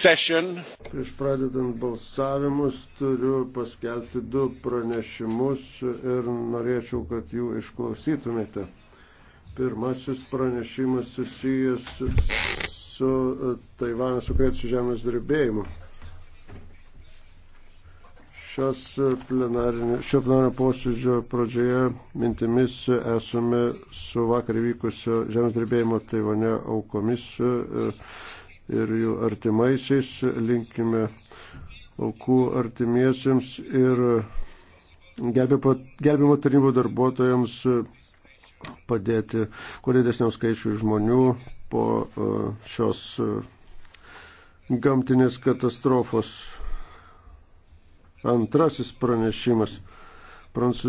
Session. Prieš pradedant balsavimus turiu paskelbti du pranešimus ir norėčiau, kad jų išklausytumėte. Pirmasis pranešimas susijęs su, e, su Taivano sukrėtusiu žemės drebėjimu. Šios e, plenarinio, šio plenarinio posėdžio pradžioje mintimis esame su vakar vykusio žemės drebėjimo Taivane aukomis. E, ir jų artimaisiais, linkime aukų artimiesiems ir gelbimo tarnybų darbuotojams padėti kuo didesniam skaičiui žmonių po e, šios e, gamtinės katastrofos. Antrasis pranešimas. Prancūzijos